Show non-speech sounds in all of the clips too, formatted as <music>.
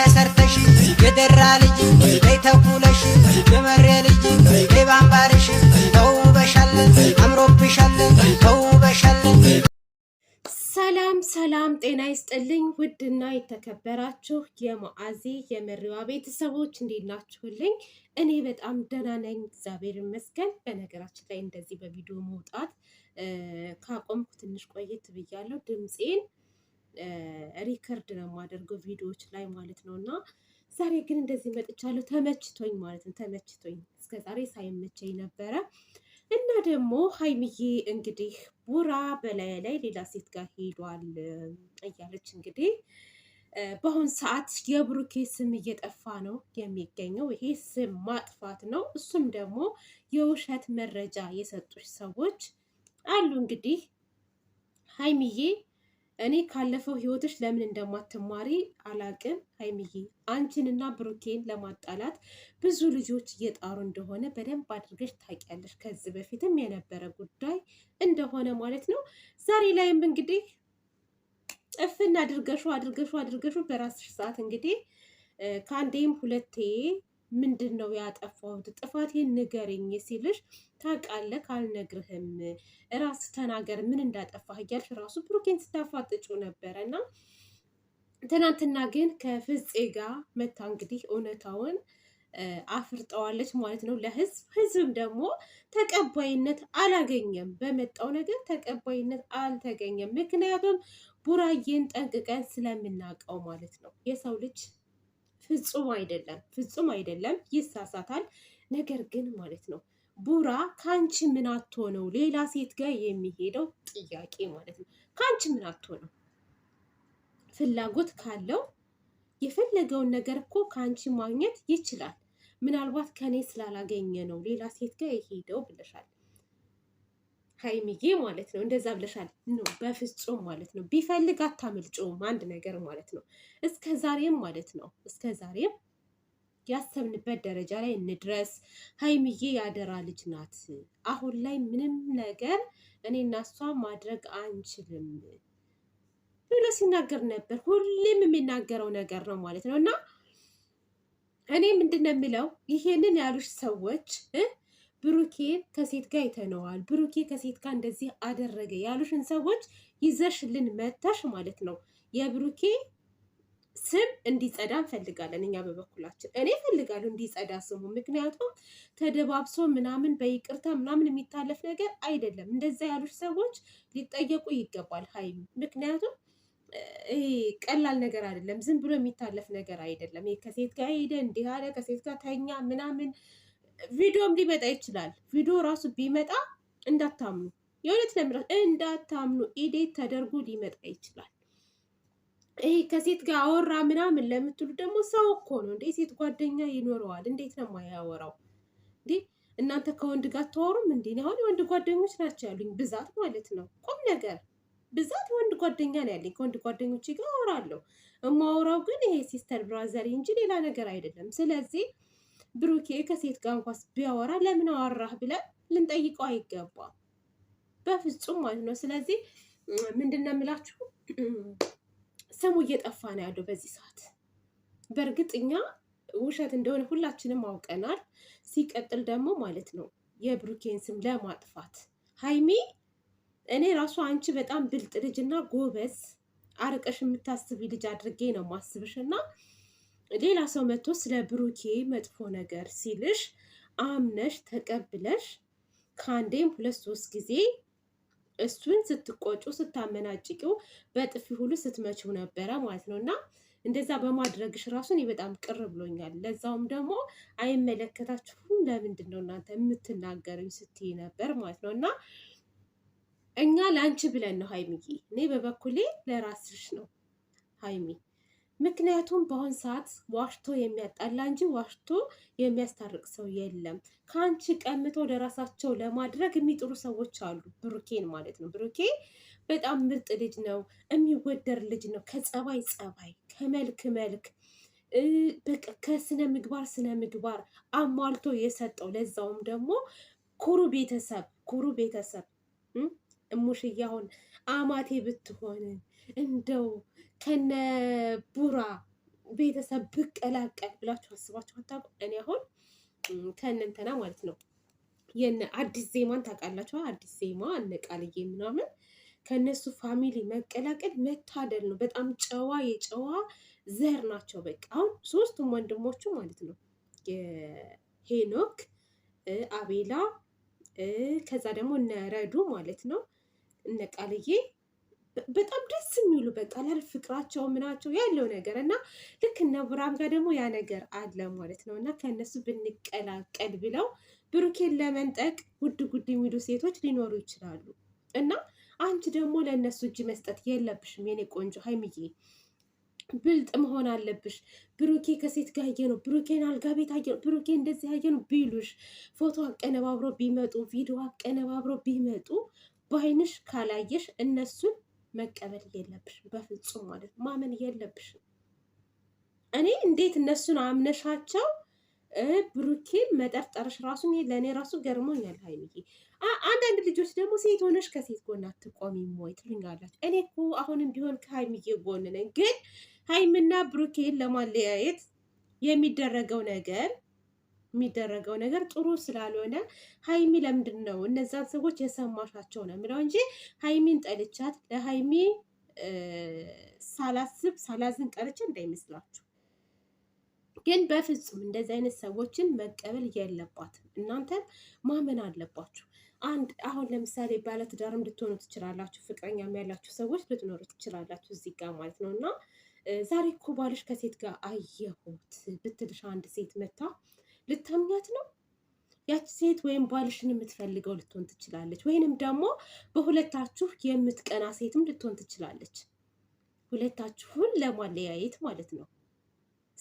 ተሰርተሽ የደራ ልጅ በይ የመሬ ልጅ በይ ባምባርሽ ተውበሻለን አምሮብሻለን ተውበሻለን። ሰላም ሰላም፣ ጤና ይስጥልኝ ውድና የተከበራችሁ የማዓዚ የመሪዋ ቤተሰቦች እንዴት ናችሁልኝ? እኔ በጣም ደህና ነኝ፣ እግዚአብሔር ይመስገን። በነገራችን ላይ እንደዚህ በቪዲዮ መውጣት ካቆምኩ ትንሽ ቆየት ብያለሁ ድምፄን ሪከርድ ነው የማደርገው ቪዲዮዎች ላይ ማለት ነው። እና ዛሬ ግን እንደዚህ መጥቻለሁ። ተመችቶኝ ማለት ነው ተመችቶኝ፣ እስከ ዛሬ ሳይመቸኝ ነበረ። እና ደግሞ ሀይሚዬ እንግዲህ ቡራ በላይ ላይ ሌላ ሴት ጋር ሄዷል እያለች እንግዲህ በአሁን ሰዓት የብሩኬ ስም እየጠፋ ነው የሚገኘው። ይሄ ስም ማጥፋት ነው። እሱም ደግሞ የውሸት መረጃ የሰጡች ሰዎች አሉ እንግዲህ ሀይሚዬ እኔ ካለፈው ህይወቶች ለምን እንደማትማሪ አላቅም ሀይሚዬ። አንቺንና ብሩኬን ለማጣላት ብዙ ልጆች እየጣሩ እንደሆነ በደንብ አድርገሽ ታውቂያለሽ። ከዚህ በፊትም የነበረ ጉዳይ እንደሆነ ማለት ነው። ዛሬ ላይም እንግዲህ ጥፍን አድርገሹ አድርገሹ አድርገሹ በራስሽ ሰዓት እንግዲህ ከአንዴም ሁለቴ ምንድን ነው ያጠፋሁት? ጥፋቴን ንገረኝ ሲልሽ ታውቃለህ፣ አልነግርህም፣ ራስ ተናገር ምን እንዳጠፋህ እያልሽ ራሱ ብሩኬን ስታፋጥጩ ነበረ እና ትናንትና ግን ከፍፄ ጋር መታ እንግዲህ እውነታውን አፍርጠዋለች ማለት ነው ለህዝብ። ህዝብም ደግሞ ተቀባይነት አላገኘም፣ በመጣው ነገር ተቀባይነት አልተገኘም። ምክንያቱም ቡራዬን ጠንቅቀን ስለምናውቀው ማለት ነው የሰው ልጅ ፍጹም አይደለም፣ ፍጹም አይደለም፣ ይሳሳታል። ነገር ግን ማለት ነው ቡራ ከአንቺ ምን አቶ ነው ሌላ ሴት ጋር የሚሄደው ጥያቄ ማለት ነው። ከአንቺ ምን አቶ ነው? ፍላጎት ካለው የፈለገውን ነገር እኮ ከአንቺ ማግኘት ይችላል። ምናልባት ከኔ ስላላገኘ ነው ሌላ ሴት ጋር የሄደው ብለሻል። ሀይሚዬ ማለት ነው እንደዛ ብለሻል። ኖ በፍጹም ማለት ነው ቢፈልግ አታመልጭውም። አንድ ነገር ማለት ነው እስከ ዛሬም ማለት ነው እስከ ዛሬም ያሰብንበት ደረጃ ላይ እንድረስ። ሀይሚዬ ያደራ ልጅ ናት። አሁን ላይ ምንም ነገር እኔ እና እሷ ማድረግ አንችልም ብሎ ሲናገር ነበር። ሁሌም የሚናገረው ነገር ነው ማለት ነው እና እኔ ምንድን ነው የምለው ይሄንን ያሉሽ ሰዎች ብሩኬ ከሴት ጋር ይተነዋል፣ ብሩኬ ከሴት ጋር እንደዚህ አደረገ ያሉሽን ሰዎች ይዘሽልን መተሽ ማለት ነው። የብሩኬ ስም እንዲጸዳ እንፈልጋለን። እኛ በበኩላችን እኔ እፈልጋለሁ እንዲጸዳ ስሙ። ምክንያቱም ተደባብሶ ምናምን በይቅርታ ምናምን የሚታለፍ ነገር አይደለም። እንደዛ ያሉሽ ሰዎች ሊጠየቁ ይገባል ሀይሚ። ምክንያቱም ይሄ ቀላል ነገር አይደለም፣ ዝም ብሎ የሚታለፍ ነገር አይደለም። ከሴት ጋር ሄደ እንዲህ አለ፣ ከሴት ጋር ተኛ ምናምን ቪዲዮም ሊመጣ ይችላል። ቪዲዮ ራሱ ቢመጣ እንዳታምኑ፣ የእውነት ለምራ እንዳታምኑ፣ ኢዴት ተደርጎ ሊመጣ ይችላል። ይሄ ከሴት ጋር አወራ ምናምን ለምትሉ ደግሞ ሰው እኮ ነው እንዴ! ሴት ጓደኛ ይኖረዋል። እንዴት ነው የማያወራው እንዴ? እናንተ ከወንድ ጋር አታወሩም እንዴ? አሁን የወንድ ጓደኞች ናቸው ያሉኝ ብዛት ማለት ነው። ቁም ነገር ብዛት ወንድ ጓደኛ ነው ያለኝ። ከወንድ ጓደኞች ጋር አወራለሁ። እማወራው ግን ይሄ ሲስተር ብራዘር እንጂ ሌላ ነገር አይደለም። ስለዚህ ብሩኬ ከሴት ጋር እንኳስ ቢያወራ ለምን አወራህ ብለን ልንጠይቀው አይገባም፣ በፍጹም ማለት ነው። ስለዚህ ምንድን ነው የምላችሁ ስሙ እየጠፋ ነው ያለው በዚህ ሰዓት። በእርግጥ እኛ ውሸት እንደሆነ ሁላችንም አውቀናል። ሲቀጥል ደግሞ ማለት ነው የብሩኬን ስም ለማጥፋት ሀይሚ፣ እኔ ራሱ አንቺ በጣም ብልጥ ልጅ እና ጎበዝ አርቀሽ የምታስቢ ልጅ አድርጌ ነው ማስብሽ እና ሌላ ሰው መጥቶ ስለ ብሩኬ መጥፎ ነገር ሲልሽ አምነሽ ተቀብለሽ ከአንዴም ሁለት ሶስት ጊዜ እሱን ስትቆጩ ስታመናጭቂው በጥፊ ሁሉ ስትመችው ነበረ ማለት ነው። እና እንደዛ በማድረግሽ ራሱ እኔ በጣም ቅር ብሎኛል። ለዛውም ደግሞ አይመለከታችሁም ለምንድን ነው እናንተ የምትናገረኝ ስትይ ነበር ማለት ነው። እና እኛ ለአንቺ ብለን ነው ሀይሚዬ፣ እኔ በበኩሌ ለራስሽ ነው ሀይሚ ምክንያቱም በአሁን ሰዓት ዋሽቶ የሚያጣላ እንጂ ዋሽቶ የሚያስታርቅ ሰው የለም። ከአንቺ ቀምቶ ወደ ራሳቸው ለማድረግ የሚጥሩ ሰዎች አሉ። ብሩኬን ማለት ነው። ብሩኬ በጣም ምርጥ ልጅ ነው፣ የሚወደር ልጅ ነው። ከጸባይ ጸባይ፣ ከመልክ መልክ፣ በቃ ከስነ ምግባር ስነ ምግባር አሟልቶ የሰጠው ለዛውም ደግሞ ኩሩ ቤተሰብ ኩሩ ቤተሰብ እሙሽዬ አሁን አማቴ ብትሆን እንደው ከነ ቡራ ቤተሰብ ብቀላቀል ብላችሁ አስባችሁ አታውቁም? እኔ አሁን ከእነንተና ማለት ነው የነ አዲስ ዜማን ታውቃላችሁ? አዲስ ዜማ እነ ቃልዬ ምናምን ከእነሱ ፋሚሊ መቀላቀል መታደል ነው። በጣም ጨዋ የጨዋ ዘር ናቸው። በቃ አሁን ሶስቱም ወንድሞቹ ማለት ነው ሄኖክ፣ አቤላ፣ ከዛ ደግሞ እነ ረዱ ማለት ነው እነ ቃልዬ በጣም ደስ የሚሉ በቃ ለር ፍቅራቸው ምናቸው ያለው ነገር እና ልክ እነ ቡራም ጋር ደግሞ ያ ነገር አለ ማለት ነው። እና ከእነሱ ብንቀላቀል ብለው ብሩኬን ለመንጠቅ ጉድ ጉድ የሚሉ ሴቶች ሊኖሩ ይችላሉ። እና አንቺ ደግሞ ለእነሱ እጅ መስጠት የለብሽም የኔ ቆንጆ ሀይምዬ ብልጥ መሆን አለብሽ። ብሩኬ ከሴት ጋር አየ ነው፣ ብሩኬን አልጋ ቤት አየ ነው፣ ብሩኬ እንደዚህ አየ ነው ቢሉሽ፣ ፎቶ አቀነባብሮ ቢመጡ፣ ቪዲዮ አቀነባብሮ ቢመጡ በአይንሽ ካላየሽ እነሱን መቀበል የለብሽ በፍጹም ማለት ነው። ማመን የለብሽ። እኔ እንዴት እነሱን አምነሻቸው ብሩኬን መጠርጠርሽ ራሱ ለእኔ ራሱ ገርሞኛል ሀይሚዬ። አንዳንድ ልጆች ደግሞ ሴት ሆነሽ ከሴት ጎን አትቆሚም ወይ ትሉኛላችሁ። እኔ እኮ አሁንም ቢሆን ከሀይሚዬ ጎን ነኝ፣ ግን ሀይምና ብሩኬን ለማለያየት የሚደረገው ነገር የሚደረገው ነገር ጥሩ ስላልሆነ ሀይሚ ለምንድን ነው እነዛን ሰዎች የሰማሻቸው ነው የምለው እንጂ ሀይሚን ጠልቻት ለሀይሚ ሳላስብ ሳላዝን ቀርቼ እንዳይመስላችሁ። ግን በፍጹም እንደዚህ አይነት ሰዎችን መቀበል የለባትም። እናንተም ማመን አለባችሁ። አንድ አሁን ለምሳሌ ባለትዳርም ልትሆኑ ትችላላችሁ፣ ፍቅረኛም ያላችሁ ሰዎች ልትኖሩ ትችላላችሁ እዚህ ጋር ማለት ነው እና ዛሬ እኮ ባልሽ ከሴት ጋር አየሁት ብትልሽ አንድ ሴት መታ ልታምኛት ነው? ያቺ ሴት ወይም ባልሽን የምትፈልገው ልትሆን ትችላለች፣ ወይንም ደግሞ በሁለታችሁ የምትቀና ሴትም ልትሆን ትችላለች። ሁለታችሁን ለማለያየት ማለት ነው።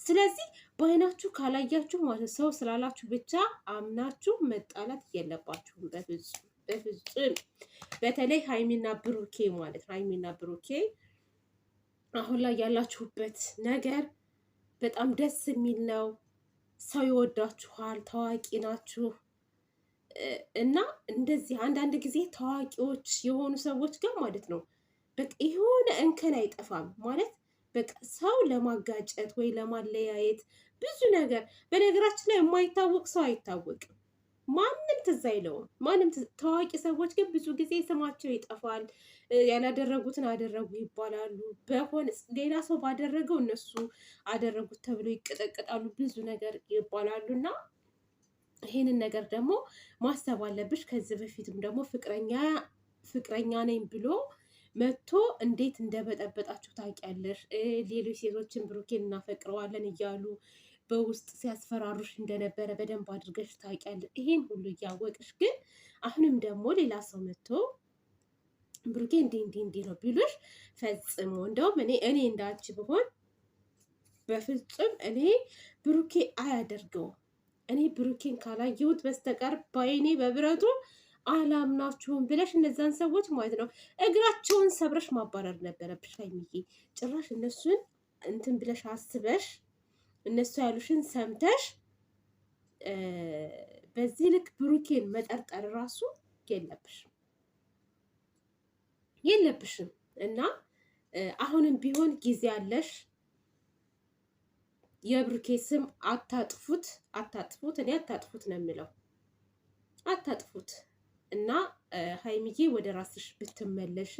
ስለዚህ በአይናችሁ ካላያችሁ ማለት ሰው ስላላችሁ ብቻ አምናችሁ መጣላት የለባችሁም በፍጹም። በተለይ ሀይሚና ብሩኬ ማለት ነው። ሀይሚና ብሩኬ አሁን ላይ ያላችሁበት ነገር በጣም ደስ የሚል ነው። ሰው ይወዳችኋል፣ ታዋቂ ናችሁ እና እንደዚህ አንዳንድ ጊዜ ታዋቂዎች የሆኑ ሰዎች ጋር ማለት ነው በቃ የሆነ እንከን አይጠፋም ማለት በቃ ሰው ለማጋጨት ወይ ለማለያየት ብዙ ነገር። በነገራችን ላይ የማይታወቅ ሰው አይታወቅም። ማንም ትዝ አይለውም። ማንም ታዋቂ ሰዎች ግን ብዙ ጊዜ ስማቸው ይጠፋል። ያላደረጉትን አደረጉ ይባላሉ። በሆነ ሌላ ሰው ባደረገው እነሱ አደረጉት ተብሎ ይቀጠቅጣሉ። ብዙ ነገር ይባላሉ እና ይህንን ነገር ደግሞ ማሰብ አለብሽ። ከዚህ በፊትም ደግሞ ፍቅረኛ ፍቅረኛ ነኝ ብሎ መጥቶ እንዴት እንደበጠበጣችሁ ታውቂያለሽ። ሌሎች ሴቶችን ብሩኬን እናፈቅረዋለን እያሉ በውስጥ ሲያስፈራሩሽ እንደነበረ በደንብ አድርገሽ ታውቂያለሽ። ይሄን ሁሉ እያወቅሽ ግን አሁንም ደግሞ ሌላ ሰው መጥቶ ብሩኬ እንዲህ እንዲህ እንዲህ ነው ቢሉሽ ፈጽሞ እንደውም እኔ እኔ እንዳች ብሆን በፍጹም እኔ ብሩኬ አያደርገውም። እኔ ብሩኬን ካላየሁት በስተቀር በይኔ በብረቱ አላምናችሁም ብለሽ እነዛን ሰዎች ማለት ነው እግራቸውን ሰብረሽ ማባረር ነበረብሽ። ሀይሚዬ ጭራሽ እነሱን እንትን ብለሽ አስበሽ እነሱ ያሉሽን ሰምተሽ በዚህ ልክ ብሩኬን መጠርጠር ራሱ የለብሽም የለብሽም እና አሁንም ቢሆን ጊዜ አለሽ። የብሩኬ ስም አታጥፉት፣ አታጥፉት። እኔ አታጥፉት ነው የምለው፣ አታጥፉት እና ሀይሚዬ ወደ ራስሽ ብትመለሽ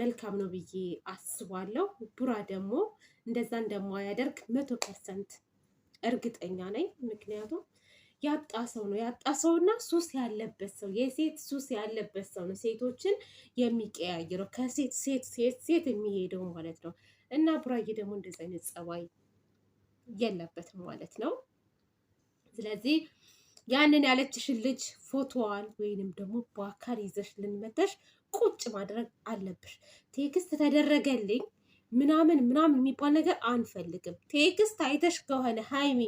መልካም ነው ብዬ አስባለሁ። ቡራ ደግሞ እንደዛ እንደማያደርግ መቶ ፐርሰንት እርግጠኛ ነኝ። ምክንያቱም ያጣ ሰው ነው ያጣ ሰውና ሱስ ያለበት ሰው የሴት ሱስ ያለበት ሰው ነው ሴቶችን የሚቀያይረው ከሴት ሴት ሴት ሴት የሚሄደው ማለት ነው። እና ቡራዬ ደግሞ እንደዚ አይነት ጸባይ የለበትም ማለት ነው። ስለዚህ ያንን ያለችሽን ልጅ ፎቶዋን ወይንም ደግሞ በአካል ይዘሽ ልንመተሽ ቁጭ ማድረግ አለብሽ። ቴክስት ተደረገልኝ ምናምን ምናምን የሚባል ነገር አንፈልግም። ቴክስት አይተሽ ከሆነ ሀይሚ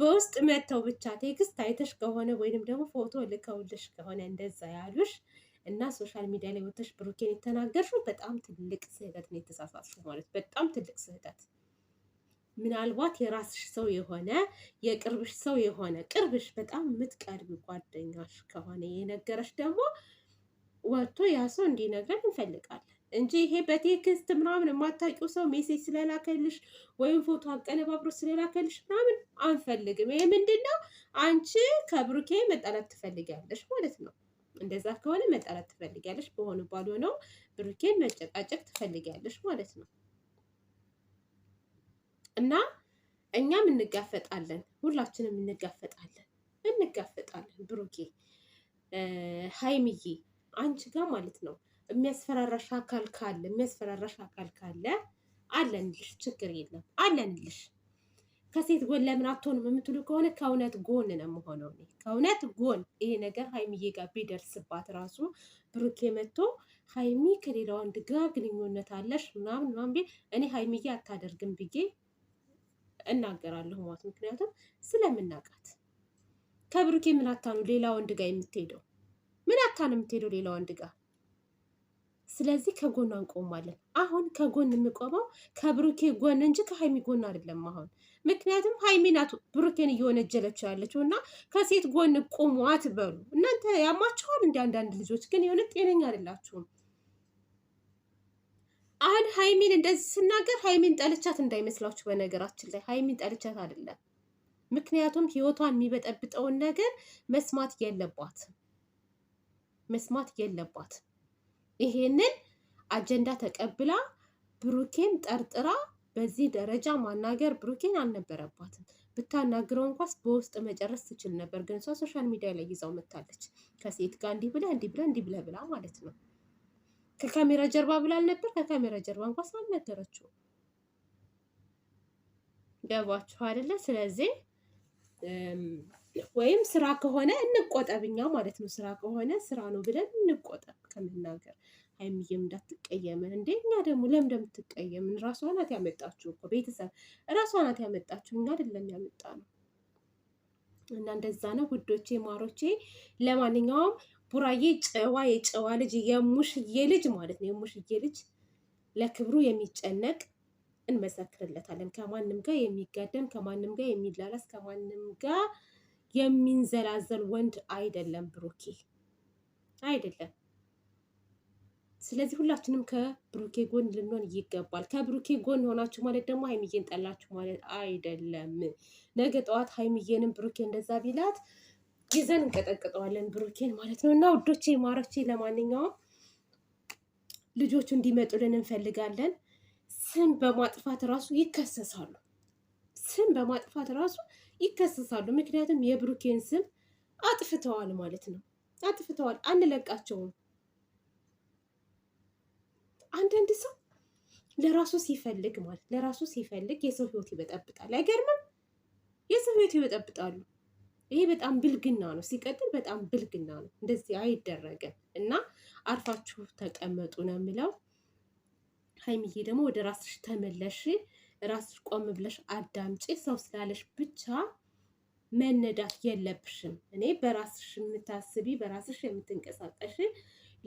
በውስጥ መጥተው ብቻ ቴክስት አይተሽ ከሆነ ወይንም ደግሞ ፎቶ ልከውልሽ ከሆነ እንደዛ ያሉሽ እና ሶሻል ሚዲያ ላይ ወጥተሽ ብሩኬን የተናገርሽው በጣም ትልቅ ስህተት ነው። የተሳሳትሽ ማለት በጣም ትልቅ ስህተት። ምናልባት የራስሽ ሰው የሆነ የቅርብሽ ሰው የሆነ ቅርብሽ በጣም የምትቀርብ ጓደኛሽ ከሆነ የነገረሽ ደግሞ ወጥቶ ያ ሰው እንዲነግረን እንፈልጋለን እንጂ ይሄ በቴክስት ምናምን የማታውቂው ሰው ሜሴጅ ስለላከልሽ ወይም ፎቶ አቀነባብሮ ስለላከልሽ ምናምን አንፈልግም። ይሄ ምንድን ነው? አንቺ ከብሩኬ መጣላት ትፈልጊያለሽ ማለት ነው። እንደዛ ከሆነ መጣላት ትፈልጊያለሽ፣ በሆነ ባልሆነው ብሩኬን መጨቃጨቅ ትፈልጊያለሽ ማለት ነው እና እኛም እንጋፈጣለን፣ ሁላችንም እንጋፈጣለን፣ እንጋፈጣለን። ብሩኬ ሀይምዬ አንቺ ጋር ማለት ነው የሚያስፈራራሽ አካል ካለ የሚያስፈራራሽ አካል ካለ አለንልሽ፣ ችግር የለም አለንልሽ። ከሴት ጎን ለምን አትሆንም የምትሉ ከሆነ ከእውነት ጎን ነው የምሆነው። ከእውነት ጎን ይሄ ነገር ሀይሚዬ ጋር ቢደርስባት ራሱ ብሩኬ መጥቶ ሀይሚ ከሌላ ወንድ ጋር ግንኙነት አለሽ ምናምን ምናምን ቤ እኔ ሀይሚዬ አታደርግም ብዬ እናገራለሁ ማለት ምክንያቱም ስለምናውቃት ከብሩኬ ምን አታ ነው ሌላ ወንድ ጋር የምትሄደው? ምን አታ ነው የምትሄደው ሌላ ወንድ ጋር ስለዚህ ከጎኗ እንቆማለን። አሁን ከጎን የምቆመው ከብሩኬ ጎን እንጂ ከሀይሚ ጎን አይደለም። አሁን ምክንያቱም ሀይሚ ናት ብሩኬን እየወነጀለችው ያለችው እና ከሴት ጎን ቁሙ አትበሉ እናንተ። ያማችኋል እንደ አንዳንድ ልጆች ግን የሆነ ጤነኛ አይደላችሁም። አሁን ሀይሚን እንደዚህ ስናገር ሀይሚን ጠልቻት እንዳይመስላችሁ። በነገራችን ላይ ሀይሚን ጠልቻት አይደለም። ምክንያቱም ህይወቷን የሚበጠብጠውን ነገር መስማት የለባት መስማት የለባት ይሄንን አጀንዳ ተቀብላ ብሩኬን ጠርጥራ በዚህ ደረጃ ማናገር ብሩኬን አልነበረባትም። ብታናግረው እንኳስ በውስጥ መጨረስ ትችል ነበር። ግን እሷ ሶሻል ሚዲያ ላይ ይዛው መታለች። ከሴት ጋር እንዲህ ብለ እንዲህ ብለ እንዲህ ብለ ብላ ማለት ነው። ከካሜራ ጀርባ ብላል ነበር። ከካሜራ ጀርባ እንኳስ አልነገረችው። ገባችሁ አይደለ? ስለዚህ ወይም ስራ ከሆነ እንቆጠብኛ ማለት ነው። ስራ ከሆነ ስራ ነው ብለን እንቆጠብ። ከመናገር ሀይሚዬም እንዳትቀየምን እንዴ እኛ ደግሞ ለምን እንደምትቀየምን ራሷ ናት ያመጣችሁ እኮ ቤተሰብ ራሷ ናት ያመጣችሁ እኛ አይደለም ያመጣ ነው እና እንደዛ ነው ውዶቼ ማሮቼ ለማንኛውም ቡራዬ ጨዋ የጨዋ ልጅ የሙሽዬ ልጅ ማለት ነው የሙሽዬ ልጅ ለክብሩ የሚጨነቅ እንመሰክርለታለን ከማንም ጋር የሚጋደም ከማንም ጋር የሚላላስ ከማንም ጋር የሚንዘላዘል ወንድ አይደለም ብሩኬ አይደለም ስለዚህ ሁላችንም ከብሩኬ ጎን ልንሆን ይገባል። ከብሩኬ ጎን ሆናችሁ ማለት ደግሞ ሀይሚዬን ጠላችሁ ማለት አይደለም። ነገ ጠዋት ሀይሚዬንም ብሩኬ እንደዛ ቢላት ይዘን እንቀጠቅጠዋለን ብሩኬን ማለት ነው። እና ውዶቼ ማሮቼ፣ ለማንኛውም ልጆቹ እንዲመጡልን እንፈልጋለን። ስም በማጥፋት ራሱ ይከሰሳሉ። ስም በማጥፋት ራሱ ይከሰሳሉ። ምክንያቱም የብሩኬን ስም አጥፍተዋል ማለት ነው። አጥፍተዋል። አንለቃቸውም። አንዳንድ ሰው ለራሱ ሲፈልግ ማለት ለራሱ ሲፈልግ የሰው ህይወት ይበጠብጣል። አይገርምም? የሰው ህይወት ይበጠብጣሉ። ይሄ በጣም ብልግና ነው። ሲቀጥል በጣም ብልግና ነው። እንደዚህ አይደረግም እና አርፋችሁ ተቀመጡ ነው የምለው። ሀይሚዬ ደግሞ ወደ ራስሽ ተመለሽ፣ ራስሽ ቆም ብለሽ አዳምጪ። ሰው ስላለሽ ብቻ መነዳት የለብሽም። እኔ በራስሽ የምታስቢ በራስሽ የምትንቀሳቀሽ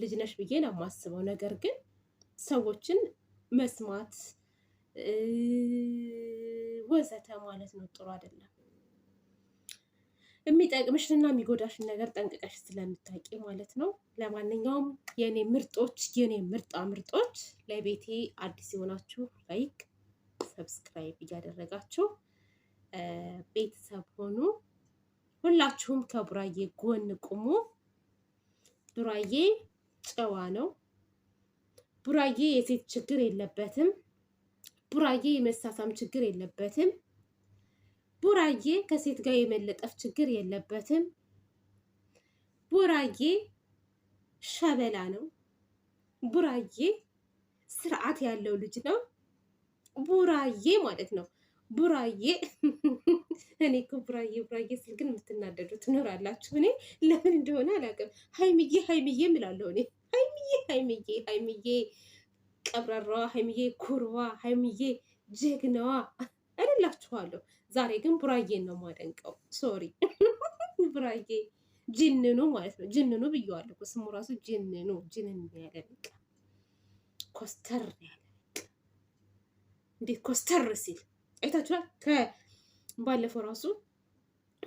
ልጅ ነሽ ብዬ ነው የማስበው ነገር ግን ሰዎችን መስማት ወዘተ ማለት ነው። ጥሩ አይደለም። የሚጠቅምሽንና የሚጎዳሽን ነገር ጠንቅቀሽ ስለምታውቂ ማለት ነው። ለማንኛውም የኔ ምርጦች፣ የኔ ምርጣ ምርጦች ለቤቴ አዲስ የሆናችሁ ላይክ፣ ሰብስክራይብ እያደረጋችሁ ቤተሰብ ሆኑ። ሁላችሁም ከቡራዬ ጎን ቁሙ። ቡራዬ ጨዋ ነው። ቡራዬ የሴት ችግር የለበትም። ቡራዬ የመሳሳም ችግር የለበትም። ቡራዬ ከሴት ጋር የመለጠፍ ችግር የለበትም። ቡራዬ ሸበላ ነው። ቡራዬ ስርዓት ያለው ልጅ ነው። ቡራዬ ማለት ነው ቡራዬ <laughs> እኔ እኮ ቡራዬ ቡራዬ ስል ግን የምትናደዱ ትኖራላችሁ። እኔ ለምን እንደሆነ አላውቅም። ሀይምዬ ሀይምዬ ምላለሁ እኔ ሀይምዬ ሀይምዬ ሀይምዬ ቀብረራዋ፣ ሀይምዬ ኩርዋ፣ ሀይምዬ ጀግናዋ አይደላችኋለሁ። ዛሬ ግን ቡራዬን ነው የማደንቀው። ሶሪ <laughs> ቡራዬ ጅንኑ ማለት ነው። ጅንኑ ብየዋለሁ። ስሙ ራሱ ጅንኑ ጅንን ያለ በቃ ኮስተር ያለ በቃ እንዴት ኮስተር ሲል አይታችኋል። ከባለፈው ራሱ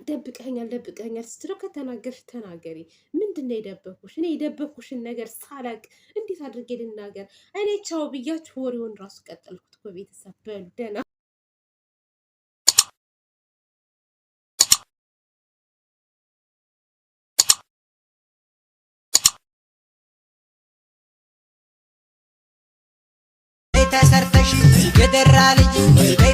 ደብቀኛል ደብቀኛል ስትለው ከተናገርሽ ተናገሪ። ምንድን ነው የደበኩሽ? እኔ የደበኩሽን ነገር ሳላቅ እንዴት አድርጌ ልናገር? እኔ ቻው ብያችሁ ወሬውን ራሱ ቀጠልኩት። በቤተሰብ በሉ ደህና ተሰርተሽ የደራ ልጅ